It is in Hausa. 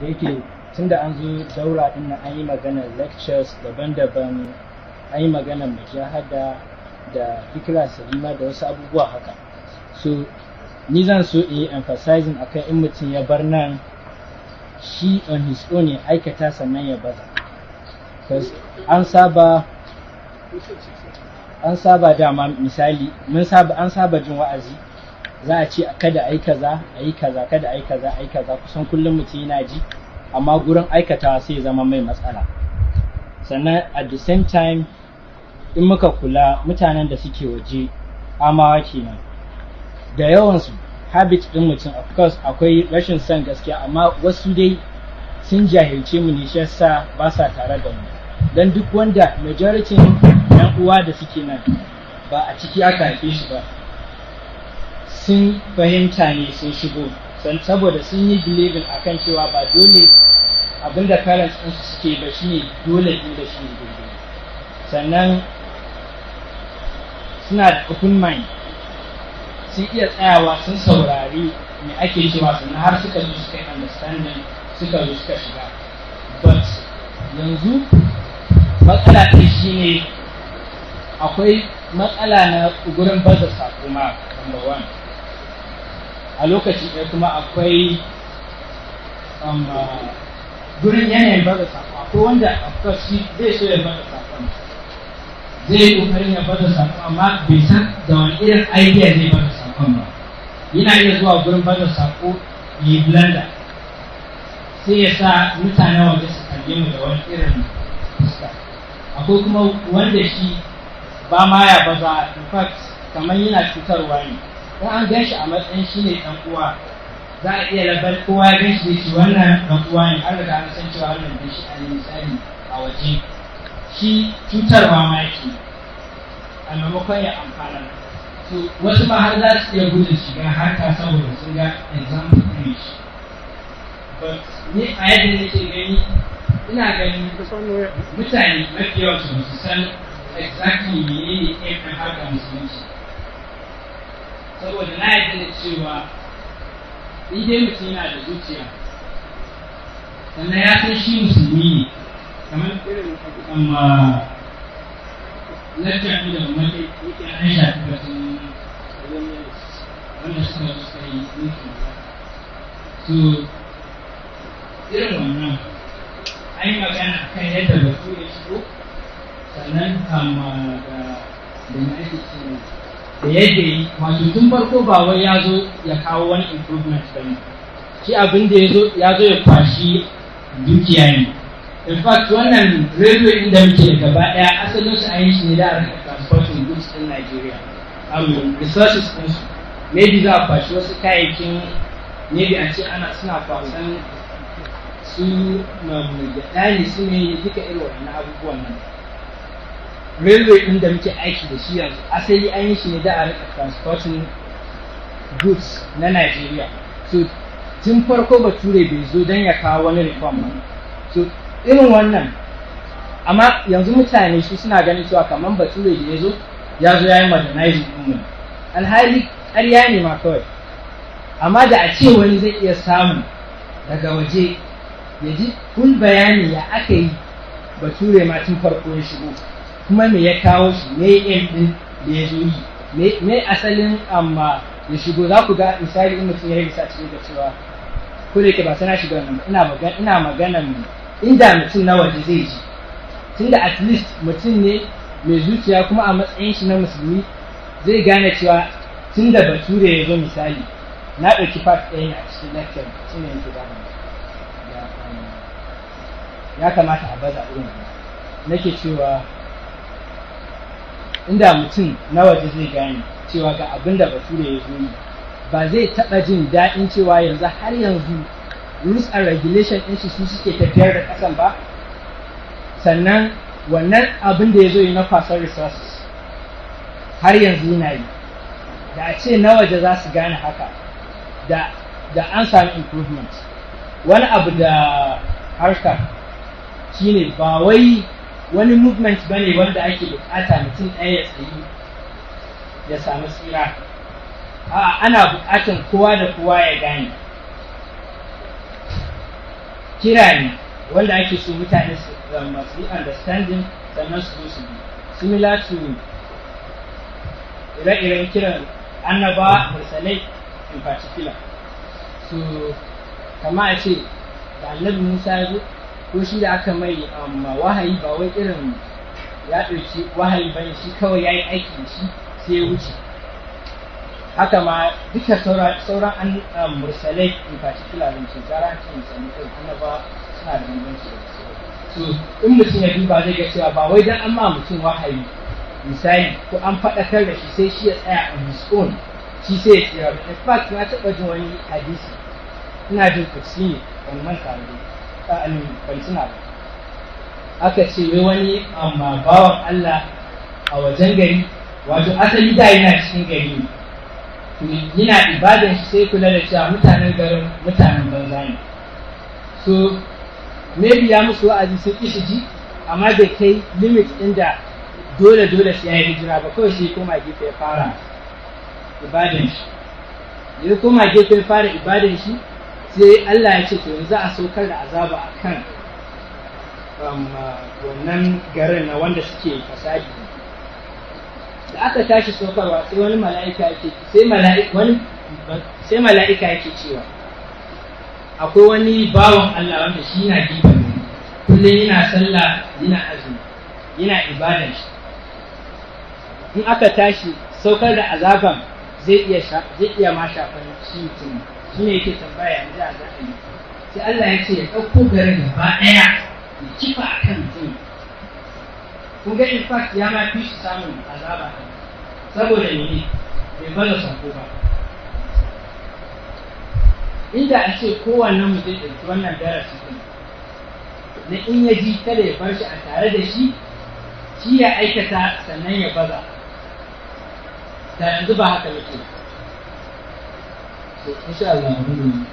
da yake tun da an zo daura din an yi maganar lectures daban-daban an yi maganar mujahada da fikira salima da wasu abubuwa haka so ni zan so in yi emphasizing akan in mutum ya bar nan shi on his own ya aikata sannan ya baza an saba an saba dama misali mun saba an saba jin wa'azi za a ce kada a yi kaza a yi kaza kada a yi kaza a yi kaza kusan kullum mutum yana ji amma gurin aikatawa sai zama mai matsala sannan at the same time in muka kula mutanen da suke waje amawa kenan da yawansu habit din mutum of course akwai rashin son gaskiya amma wasu dai sun jahilce mu ne shi ba sa tare da mu dan duk wanda majority yan uwa da suke nan ba a ciki aka haife shi ba sun fahimta ne sun shigo san saboda sun yi believing akan cewa ba dole abinda parents din su suke ba shine dole din da shine dole, sannan suna da open mind sun iya tsayawa sun saurari me ake cewa sannan har suka zo suka yi understanding suka zo suka shiga but yanzu matsala ɗin shine akwai matsala na gurin baza sakoma number one a lokaci ɗaya kuma akwai um, uh, gurin yanayin bada saƙon akwai wanda akwai shi zai so ya bada saƙon zai yi ƙoƙarin ya bada saƙon amma bai san da wani irin idea zai bada saƙon ba yana iya zuwa gurin bada saƙo, yi blanda sai ya sa mutane wanda su kalli mu da wani irin fuska akwai kuma wanda shi ba ma ya baza in fact kamar yana cutarwa ne in an gan shi a matsayin shi ne ɗan uwa za a iya labar kowa ya gan shi shi wannan ɗan uwa ne an da an san cewa wannan ɗan shi a yi misali a waje shi cutar ma a maimakon ya amfana to wasu ma har za su iya gudun shiga har ta saboda sun ga example ɗin shi ni a yadda nake gani ina ganin mutane mafi yawan su san exactly menene ɗin haka musulunci saboda na yi da cewa in dai mutum yana da zuciya sannan ya san shi musulmi ne kamar irin amma lantar da mace yake an shafi batun wanda suka suka yi zuciya so irin wannan an yi magana kan yadda batu ya shigo sannan kama da da cewa da yadda yi wato tun farko ba wai ya zo ya kawo wani improvement ba ne shi abin da ya zo ya kwashi dukiya ne in fact wannan railway da muke gaba ɗaya asalin su ayin shi ne da harkar transporting goods in Nigeria um, resources din su za a kwashi wasu kayayyakin maybe a ce ana suna kwasan su gyaɗa ne su ne duka irin wannan abubuwan nan railway ɗin da muke aiki da shi yanzu asali an yi shi ne da a rika transporting goods na Najeriya so tun farko bature bai zo don ya kawo wani reform ba so irin wannan amma yanzu mutane shi suna ganin cewa kamar bature da ya zo ya zo ya yi modernizing ɗin alhali ƙarya ne ma kawai amma da a ce wani zai iya samu daga waje ya ji kun bayani ya aka yi bature ma tun farko ya shigo kuma me ya kawo shi me in ɗin da ya zo yi me asalin amma ya shigo za ku ga misali in mutum ya yi sa cikin da cewa ko da ke ba sana shiga nan ina magana ina magana inda mutum nawa waje zai ji tunda at least mutum ne mai zuciya kuma a matsayin shi na musulmi zai gane cewa tunda bature ya zo misali na ɗauki part ɗaya ne a cikin lecture tunda yake da ya kamata a baza irin nake cewa inda mutum na waje zai gane cewa ga abin da basira ya zo yi ba zai taɓa jin daɗin cewa yanzu har yanzu rules and regulation ɗin su suke tafiyar da ƙasan ba sannan wannan abin da ya zo yi na kwasar resources har yanzu yana yi da a ce na waje za su gane haka da da an sami improvement wani abu da harkar shine ba wai wani movement ba ne wanda ake bukata mutum ɗaya ya tsayi ya samu tsira a ana bukatan kowa da kowa ya gane kira ne wanda ake so mutane su um, masu yi understanding sannan su su bi similar to ire-iren kiran annaba mursalai in particular so kama a ce da annabi musa ya ko shi da aka mai um, wahayi ba wai irin ya ɗauki wahayi ba shi kawai ya yi aiki shi sai ya wuce haka ma duka sauran an um, mursalai in particular zan ce gara an ce musamman kai ba suna da bambanci so in mutum ya ba zai ga cewa ba wai dan an ma mutum wahayi misali ko an faɗakar da shi sai shi ya tsaya a his shi sai ya tsira in fact na taɓa jin wani hadisi ina jin kusi ne wani manta da ba. aka ce wai wani amma bawan Allah a wajen gari wato asali da yana cikin gari ne yana ibadan shi sai kula da cewa mutanen garin mutanen banza ne so maybe ya musu wa'azi sun ƙi shi ji amma bai kai limit inda dole dole sai ya yi hijira ba kawai sai koma gefe ya fara ibadan shi ya koma gefe ya fara ibadan shi sai Allah ya ce to yanzu a saukar da azaba a kan um, wannan garin na wanda suke fasadi da aka tashi saukarwa sai wani mala'ika yake sai mala'ika wani sai mala'ika yake cewa akwai wani bawan Allah wanda shi na diba ne kullum yana sallah yana azumi yana ibadan shi in aka tashi saukar da azaban zai iya ma shafar shi mutum shi ne yake tambaya yanzu za a sai Allah ya ce ya ɗauko garin gaba ɗaya ya kifa a kan mutum kun ga in fact ya ma fi shi samun azaba saboda ne bai baza sako ba inda a ce kowanne mu zai wannan darasi ɗin na in ya ji kada ya bar shi a tare da shi shi ya aikata sannan ya baza da yanzu ba haka yake ba 下来了。